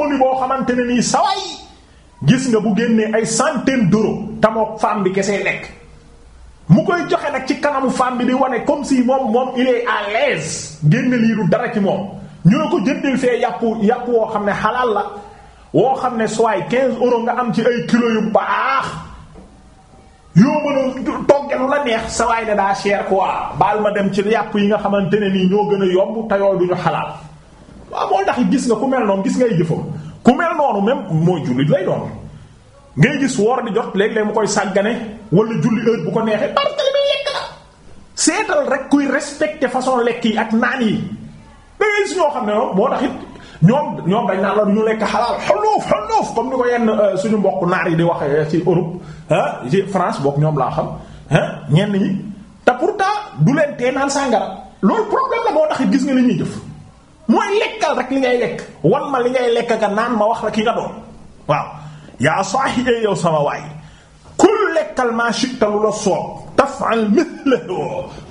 sëmmali boo xamante ne nii sawaay gis nga bu génnee ay centaine d'euros tamoog femme bi kese lekk mu koy joxe nag ci kanamu femme bi di wane comme si moom moom il est à génn lii du dara ci moom ñu ko jëndil fee yàpp yàpp woo xam ne xalaal la woo xam ne soit quinze euros nga am ci ay kilo yu baax yoo mën a toggelu la neex sawaay ne daa cher quoi baal ma dem ci yàpp yi nga xamante ne nii ñoo gën a yomb te yooyu duñu xalaal tax gis nga ku mel noonu gis ngay jëfam ku mel noonu même mooy jullit lay doon ngay gis woor di jot léeg-léeg mu koy sàggane walla julli heure bu ko neexee parce que muy lekk la seetal rek kuy respecté façon lekk yi ak naan yi da ngay gis ñoo xam ne moom moo tax it ñoom ñoom dañ naan la ñu lekk xalaal xaluuf xaluuf comme ni ko yenn euh, suñu mbokk naar yi di wax euh, ci Europe ah ci France boog ñoom laa xam ah ñenn ñi te pourtant du leen tee naan sàngara loolu problème la moo tax it ñuy jëf. mooy lekkal rek li ngay lekk wan ma li ngay lekk nga naan ma wax la ki nga doon waaw yaa saahi ee eh, yow sama waay kul lekkal maa shi'ta lu la soob taf'al mithlahu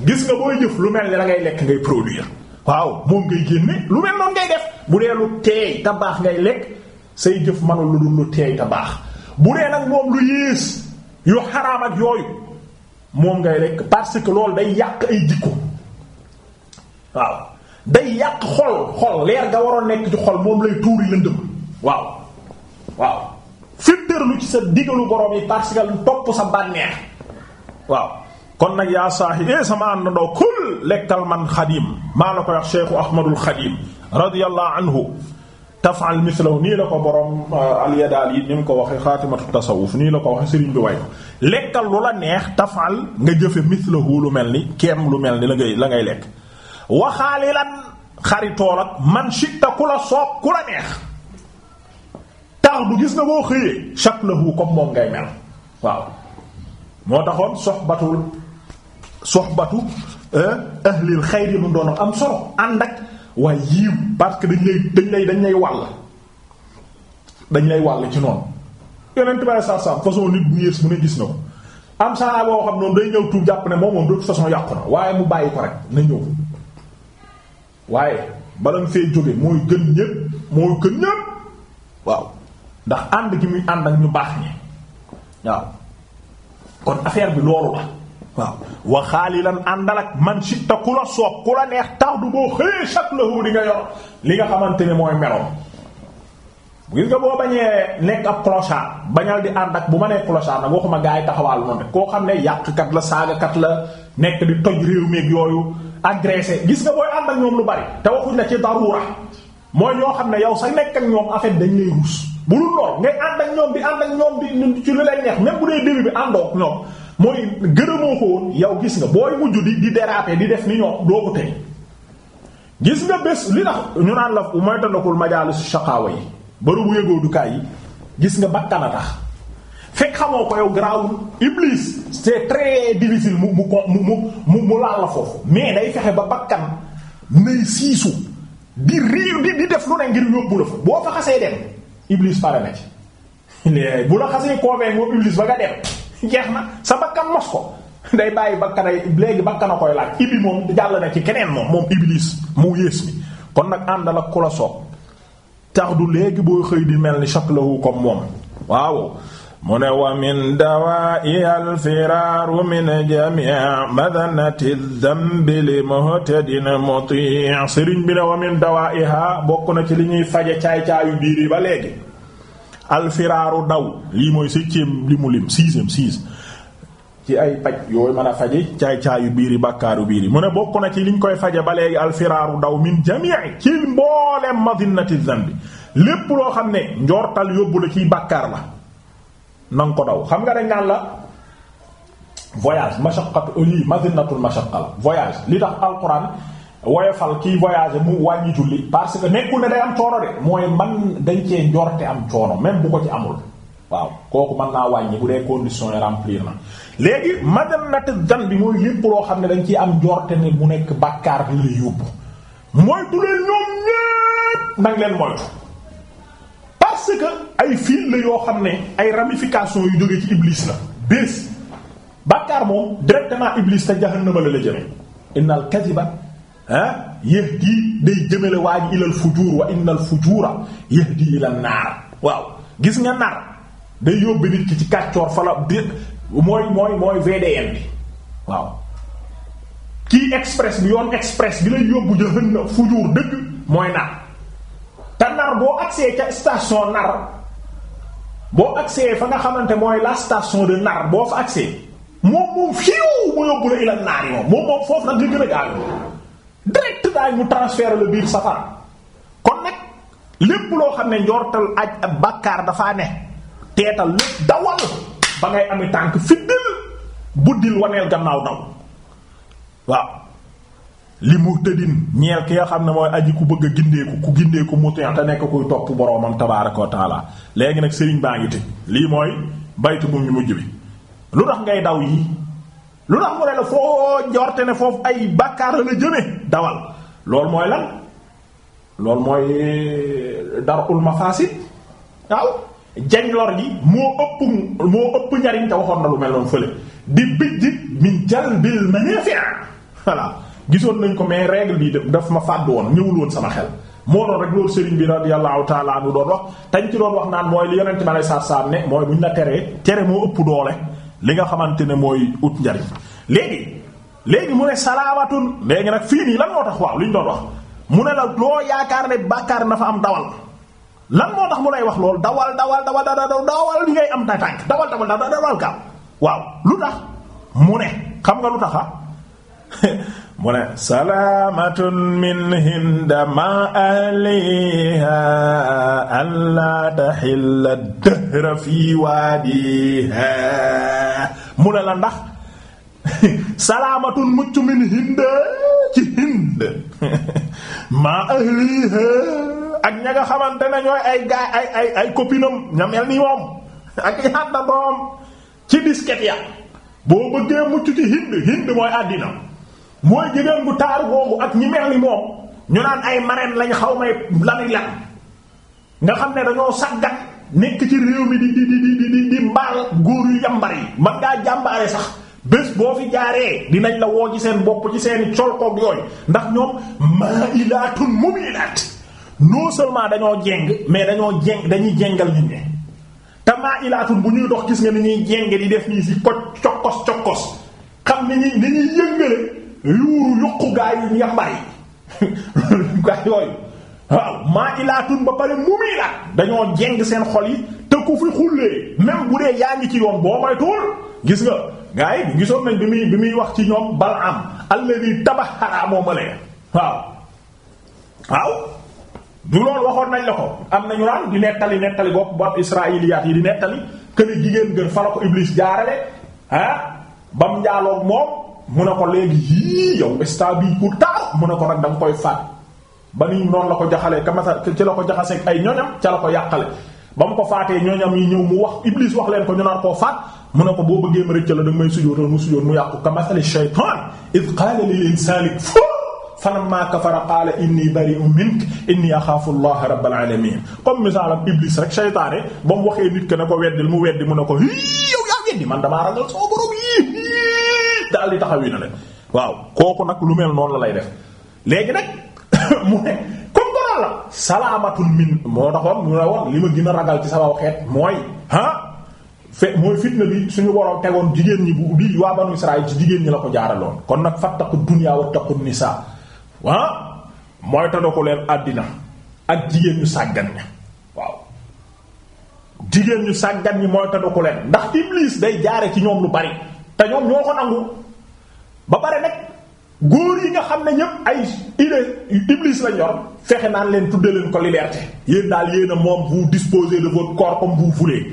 gis nga booy jëf lu mel ni la ngay lekk ngay produire waaw moom ngay génne lu mel noonu ngay def bu dee lu teey te baax ngay lekk say jëf manul lu dul lu teey te baax bu dee nag moom lu yées yu xaraam yooyu moom ngay lekk parce que loolu day yàq ay jikko waaw day yàq xol xol leer ga waroon nekk ci xol moom lay tuuri lëndëm waaw waaw fitterlu ci sa digalu borom yi parce que lu topp sa bànneex waaw kon nag yaa saahi e sama ànd ndoo kul lekkal man xadim maa la ko wax cheikhu ahmadul xadim radiyallahu anhu tafal mislahu nii la ko borom euh, alyadaal yi ni mu ko waxee xaatimatu tasawuf nii la ko waxee sëriñ bi way lekkal lu la neex tafal nga jëfe mislahu lu mel ni keem lu mel ni la la ngay lekk waxaali lan xaritool ak man shitta ku la soob ku la neex tax du gis nga boo xëyee shaklahu comme moom ngay mel waaw moo taxoon soxbatul soxbatu eh, ahlil xayri mu doon am solo ànd ak waaye yiiw parce que dañ lay dañ lay dañ lay wàll dañ lay wàll ci noonu yonent bi saa saa façon nit bu yées mu ne gis na ko am saa boo xam noonu day ñëw tuub jàpp ne moom moom de façon yàqu na waaye mu bàyyi ko rek na ñëw waaye bala nga fee jóge mooy gën ñépp mooy gën ñépp waaw ndax ànd gi muy ànd ak ñu baax ñi waaw kon affaire bi loolu la waaw waxaali lan àndal ak man si ta ku la soob ku la neex tax du boo xëyee chaque lahu di nga yor li nga xamante ne mooy meloom gis nga boo bañee nekk ab clochard bañal di ànd ak bu ma nee clochard nag waxuma gaa yi taxawaal noonu rek koo xam ne yàqkat la saagakat la nekk di toj réew meeg yooyu agressé gis nga booy ànd ak ñoom lu bari te waxuñ la ci darura mooy ñoo xam ne yow sa nekk ak ñoom en fait dañ lay ruus bu dul lool ngay ànd ak ñoom di ànd ak ñoom di ci lu lay neex même bu dee début bi àndoo ñoom mooy gërëmoo ko yow gis nga booy mujj di di déraper di def ni ñoom doo ko tey gis nga bés li tax ñu naan la mooy tandakul si shaqaawa yi bërëbu yëgoo dukaay yi gis nga bakkana tax fekk xamoo ko yow garaawul iblis c'est très difficile mu mu mu mu mu laal la foofu mais day fexe ba bakkan nay siisu di riir di di def lu ne ngir yóbbu la fa boo fa xasee dem iblis pare na ci bu la xasee convaincre moom iblis ba nga dem jeex na sa bakkan mos ko day bàyyi bakkan ay léegi bakkan a koy laaj ibi moom jàll na ci keneen moom moom iblis mu yées mi kon nag àndal ak ku la soob tax du léegi boo xëy di mel ni shaklahu comme moom waaw mu ne wa min dawaa'i alfiraaru min jamii madanati dambi li muhtadin muti sëriñ bi ne wa min dawaa'iha bokk na ci li ñuy faje caay-caayu biir yi ba léegi alfiraaru daw lii mooy septième li mu lim sixième six ci ay paj yooyu mën a faje caay-caayu biir yi bàkkaaru mu ne bokk na ci liñ koy faje ba léegi alfiraaru daw min jamii ci mboolem madinati dambi lépp loo xam ne njortal yóbbu la ciy bàkkaar la na nga ko daw xam nga dañ naan la voyage mashaqqat lii madinatul mashaqqa la voyage li tax alquran fal kiy voyagé mu wàññi julli parce que nekkul ne day am coono de mooy man dañ cee njorte am coono même bu ko ci amul waaw kooku mën naa wàññi bu dee conditions yi remplir na léegi madinatu zanbi mooy lépp loo xam ne dañ ci am njorte ne mu nekk bàkkaar bi lay yóbbu moytu leen ñoom ñépp nag leen moytu parce que ay fil la yoo xam ne ay ramification yu jógee ci iblis la bés bàkkaar moom directement iblis te jahannama la la jëme innal kadhiba ah yahdi day jëmale waa ji ilal fujur wa innal fujura yahdi ilal naar waaw gis nga nar day yóbbu nit ki ci kàccoor fa la mooy mooy mooy VDN bi waaw kii express bi yoon express bi lay yóbbu jahannam fujur dëgg mooy nar te nar boo agsee ca station nar boo agsee fa nga xamante mooy la station de nar boo fa agsee moom moom fiiw mu yóbbu la ila naar yi moom moom foofu nag nga gën a gaaw direct daay mu transfert la biir safara kon nag lépp loo xam ne njortal aj ab bàkkaar dafaa ne teetal lépp dawal ba ngay ami tànk fiddil buddil waneel gannaaw daw waaw li muhtadin ñeel ki nga xam ne mooy aji ku bëgg a gindeeku ku gindeeku mutin te nekk kuy topp boroomam tabaaraka wa taala léegi nag sëriñ baa ngi tëj lii mooy baytu bu ñu mujj bi lu tax ngay daw yi lu tax mu ne la foofu ay bàkkaar la jëme dawal loolu mooy lan loolu mooy eh, darul mafasid jañ lor gi moo ëpp moo ëpp njariñ te waxoon na lu mel noonu fële di bijj min jalbil manafi' voilà gisoon nañ ko mais règle bi daf ma fàddu woon ñëwul woon sama xel moo doon rek loolu sëriñ bi radiyallahu ta'ala anhu doon wax tañ ci doon wax naan mooy li yonent ma lay saar ne mooy ñu la teree tere moo ëpp doole li nga xamante ne mooy ut njariñ léegi léegi mu ne salaamatun léegi nag fii nii lan moo tax waaw li ñu doon wax mu ne la loo yaakaar ne bàkkaar na dafa am dawal lan moo tax mu lay wax loolu dawal dawal dawal dawal li ngay am ta tànk dawal dawal dawal dawal gaaw lu mu ne xam nga lu taxa mu ne salaamatun min hinda ma ahliha alla taxilla dëhra fii waadiha mu ne la ndax salaamatun mucc min hinda ci hind ma ahliha ak ña nga xamante ne ñooy ay gaay ay ay ay copinam ña ni moom ak yànda doom ci disket ya boo bëggee mucc ci hind hind mooy àddina mooy jigéen bu taaru boobu ak ñi mel ni moom ñu naan ay marraines lañ xaw may lani lan nga xam ne dañoo saggat nekk ci réew mi di di di di di mbaal góor yu yambar yi man ngaa jàmbaare sax bés boo fi jaaree dinañ la woo ci seen bopp ci seeni colkoog yooyu ndax ñoom ma'ilatun mumilat non seulement dañoo jeng mais dañoo jeng dañuy jengal nit ñi te ma'ilatun bu ñuy dox gis nga ni ñuy jenge di def nii si ko cokos cokos xam ni ñuy ni ñuy yëngale yuuru yuqu gaa yi ñu yambar yi waaw maa ilaatun ba pare mumii la dañoo jeng seen xol yi te ku fi xullee même bu dee yaa ngi ci yoon boo may tuur gis nga gaa yi gisoon nañ bi muy bi muy wax ci ñoom bal am alladi tabaxaraa mooma lee waaw waaw du loolu waxoon nañ la ko am nañu naan di nettali nettali bopp bopp israiliyaat yi di nettali kër jigéen gën fa la ko iblis jaarale ah bam njaaloog moom mu ne ko léegi yii yow staa bii ku taar mu ne ko nag da koy faat ba ni noon la ko jaxalee kamasa ci la ko jaxaseeg ay ñoñam ca la ko yàqale ba mu ko faatee ñoñam yi ñëw mu wax iblis wax leen ko ñu naan koo mu ne ko boo bëggee a rëcc la da nga may sujjóotal mu sujjóot mu yàqu kamasali shaytaan id qaala lil insaani falammaa kafara qaala inni bari'un minka inni axaafu allaha rabbal alamin comme misaalam iblis rek shaytaane ba mu waxee nit ke ne ko weddil mu weddi mu ne ko yow yaa weddi man damaa ragal sama borom yépp daal di taxaw yi waaw kooku nag lu mel noonu la lay def léegi nag mu ne comme que la salaamatun min moo taxoon mu ne woon li ma gin a ragal ci sama xeet mooy ah fe mooy fitna bi suñu waroon tegoon jigéen ñi bu bi waa jigéen ñi la ko jaaraloon kon nag fattaqu dunya wattaqu nisaa ah mooy tadda ko leen àddina ak jigéen ñu sàggan ña waaw jigéen ñu sàggan ñi mooy tadda ko leen ndax Iblis day jaare ci ñoom lu bari te ñoom ñoo ko nangu ba pare nag góor yi nga xam ne ñëpp ay idée iblis la ñor fexe naan leen tudde leen ko liberté yéen daal yéen na moom vous disposez de votre corps comme vous voulez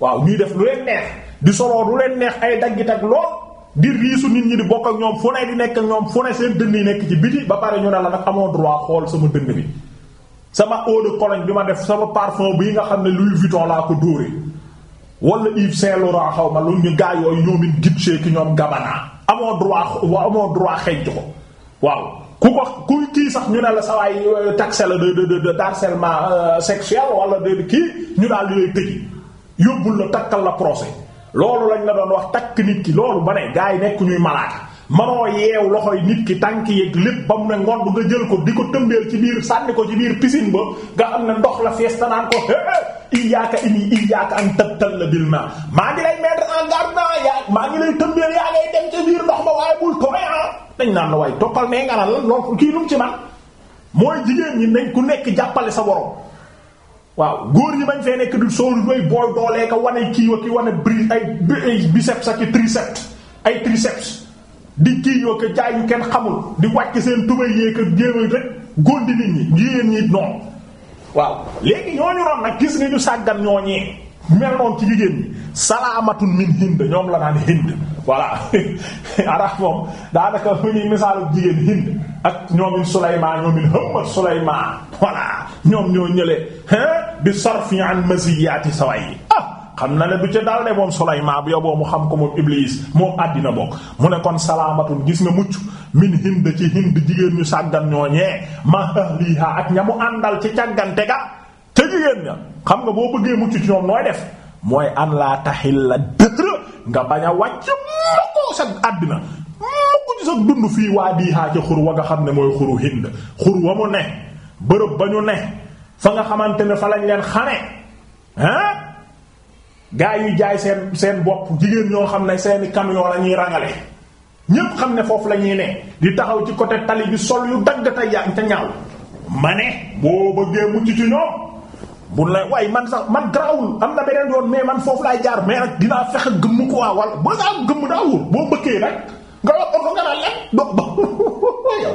waaw ñuy def lu leen neex di soloo lu leen neex ay daggit ak lool di riisu nit ñi di bokk ak ñoom fu ne di nekk ak ñoom fu ne seen dënn yi nekk ci biti ba pare ñu ne la nag amoo droit xool sama dënn bi sama eau de cologne bi ma def sama parfum bii nga xam ne Louis Vuitton laa ko dóore wala Yves Saint Laurent xaw ma lu ñu gaa yooyu ñoomin gib ki amoo droit amoo droit xëy ko waaw ku ko ku kii sax ñu ne la sawaay euh, taxe la de de de harcèlement euh, sexuel wala de kii ñu daal di lay tëj yóbbul la takkal la procès loolu lañ la doon wax takk nit ki loolu ba ne gaa yi nekk ñuy malaaka manoo yeew yi nit ki tànk yeeg lépp ba mu ne ngond nga jël ko di ko tëmbeel ci biir sànni ko ci biir pisin ba nga am ne ndox la fees tanaan ko iyyaka ini iyyaka an la bil ma maa ngi lay mettre en garde yaa maa ngi lay tëmbeel yaa ngay dem ci biir ndox ma waaye bul tooy ah dañ naan la waaye toppal nee nga naan la lool kii num ci man mooy jigéen ñi nañ ku nekk jàppale sa borom waaw góor yi bañ fee nekk du sóoru doy booy doolee ka wane kii wa ki wane bri ay biceps ak triceps ay triceps di kiiñoo ko jaay yu kenn xamul di wàcc seen tubay yee ko jéem rek gondi nit ñi yéen ñi noonu waaw léegi ñooñu ron nag gis nga ñu sàggan ñooñee mel noonu ci jigéen ñi salaamatun min hind ñoom la naan hind voilà araf moom daanaka mu ñuy misaalu jigéen hind ak ñoomin Sulaymaan ñoomin Hamma Sulaymaan voilà ñoom ñoo ñële bi sarfi an masiyaati saway xam na ne du ca dal de moom maa bu yoboo mu xam ko moom Iblis moom àddina bokk mu ne kon salaamatun gis nga mucc min hind ci hind jigéen ñu sàggan ñooñee ma ahliha ak ña mu àndal ci càggante ga ca jigéen ña xam nga boo bëggee mucc ci ñoom nooy def mooy an laa taxil la dër nga bañ a wàcc mukk sa àddina mukk ci sa dund fii waa diihaa ci xur wa nga xam ne mooy xuru hind xur wa mu ne bërëb ba ñu ne fa nga xamante ne fa lañ leen xame gaa yi jaay seen seen bopp jigéen ñoo xam ne seeni camion la ñuy rangale ñépp xam ne foofu la ñuy ne di taxaw ci côté tali bi sol yu dagg te ya te ñaaw ma ne boo bëggee mucc ci ñoom bu la waaye man sax man garaawul am na beneen yoon mais man foofu laay jaar mais nag dinaa fexe gëmm ko waa wala ba ngaa gëmm daawul boo bëggee rek nga wax oto nga naan lekk do ba yow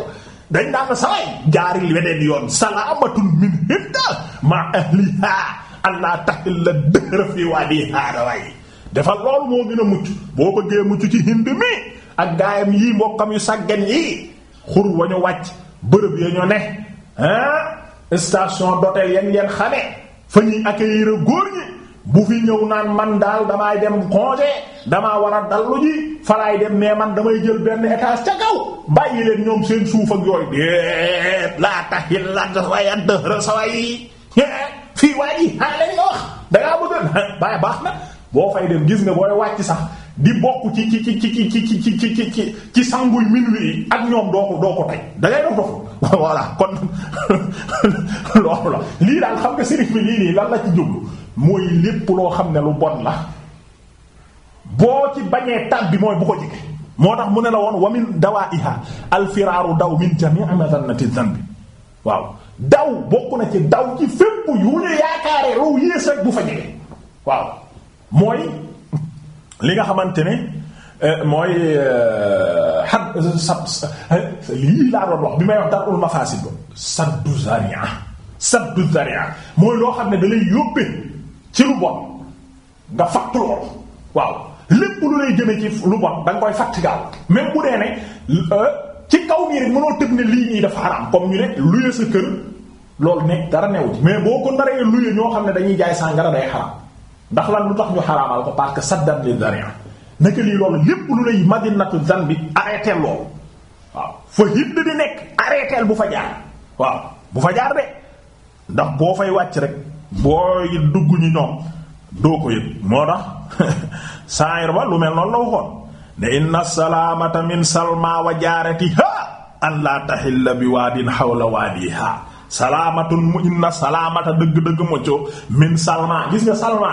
dañ daan saway jaaril weneen yoon salaamatun min hinda ma ahliha allah taxil la dëhëra fii waa di haadawaay dafa loolu moo gën a mucc boo bëggee mucc ci hind mi ak gaayam yii mbokkam yu sàggan yii xur wañu wàcc bërëb ya ñu ne ah station d'hôtel yan yan xame fa ñuy accueillir góor ñi bu fi ñëw naan man daal damay dem congé damaa war a dallu ji falaay dem mais man damay jël benn étage ca kaw bàyyi leen ñoom seen suuf ak yooyu déet laa taxil la saway dëhëra saway fii waaye ji dangaa bëgg baaye baax na boo fay dem gis nga booy wàcc sax di bokk ci ci ci ci ci ci ci ci ci sanguy minuit ak ñoom doo ko doo ko tey da ngay doon dof voilà kon loolu la lii daal xam nga sëriñ bi lii nii lan la ci jublu mooy lépp loo xam ne lu bon la boo ci bañee tab bi mooy bu ko jege moo tax mu ne la woon wa min dawaiha al daw min jami' madannati dhanbi waaw daw bokk na ci daw ci fépp yu ñu yaakaare raw yées rek bu fa jege waaw mooy li nga xamante ne euh, mooy xat euh, euh, sab lii laa doon wax bi may wax darul mafasid ba saddu zaria saddu zaria mooy loo xam ne da lay yóbbe ci lu bon nga fatt loolu waaw lépp lu lay jëme ci lu bon da nga koy fatt gaaw même bu ci kaw nii rek mënoo tëb ne lii ñii dafa xaraam comme ñu ne luye sa kër loolu nekk dara new ji mais boo ko naree luye ñoo xam ne dañuy jaay sàngara day xaraam ndax lan lu tax ñu xaraamal ko parce que saddan li dara naka lii loolu lépp lu lay madinatu zan bi arrêté loolu waaw fa hidd di nekk arrêté bu fa jaar waaw bu fa jaar de ndax boo fay wàcc rek booy dugg ñu ñoom doo ko yëg moo tax saayir ba lu mel noonu la waxoon ne inna salaamata min salma wa jaaratiha an laa taxilla bi waadin xawla waadiha salaamatun mu inna salaamata dëgg-dëgg mocco min salma gis nga salma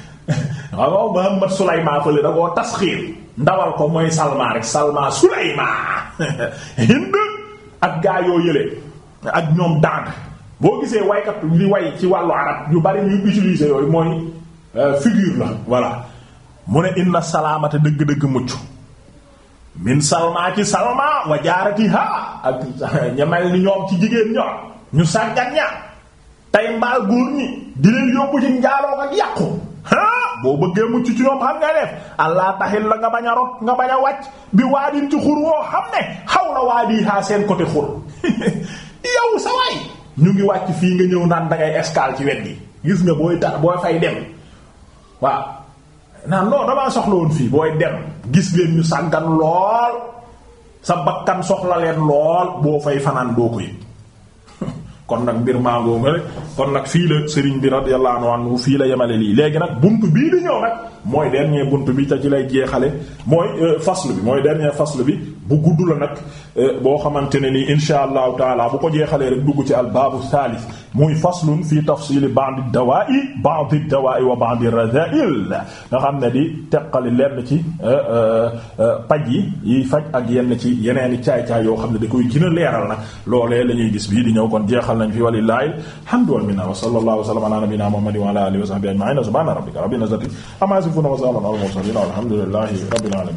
waaw Muhammad Sulayma fële da koo ndawal ko mooy salma rek salmaa Sulayma Hind ak gaa yoo yële ak ñoom dang boo gisee waykat li way ci wàllu arab yu bari ñu utiliser yooyu mooy euh, figure la voilà mu ne inna salaamata dëgg-dëgg mucc min salmaa ci salma wa jaaratiha ak ñamel ni ñoom ci jigéen ñor ñu sàggat ña tey mbaa góor ñi di yóbbu ci njaaloo ak yàqu ah boo bëggee mucc ci ñoom xam nga def allah taxil la nga bañ a rot nga bañ wàcc bi waadin ci xur woo xam ne xaw la waadihaa seen côté xur yow sa waay ñu ngi wàcc fii nga ñëw naan dangay escale ci wet gi gis nga booy tax booy fay dem waaw naan non damaa soxla woon fii booy dem gis leen ñu sàggan lool sa bakkan soxla leen lool boo fay fanaan doo ko yëg kon nag mbir maangoo nga rek kon nag fii la sëriñ bi radiyallahu anhu fii la yemale lii léegi nag bunt bii di ñëw nag mooy dernier bunt bi te ci lay jeexale mooy euh, faslu bi mooy dernier faslu bi bu gudd la nag euh, boo xamante ne nii insha allahu taala bu ko jeexalee rek dugg ci al baabu saalis muy faslun fii tafsili ba'd dawaa'i ba'd dawaa'i wa ba'd radha'il nga xam ne di teqali lenn ci euh, euh, euh, paj yi yiy faj ak yenn ci yeneeni caay-caay yoo xam ne da koy gën a leeral nag loolee la ñuy gis bii di ñëw kon jeexal nañ fi walillahi alhamdu wal minna wa wa sallama wa ala alihi wa sahbihi ajma'in subhana rabbika rabbil izzati wa salamun ala al mursalin alamin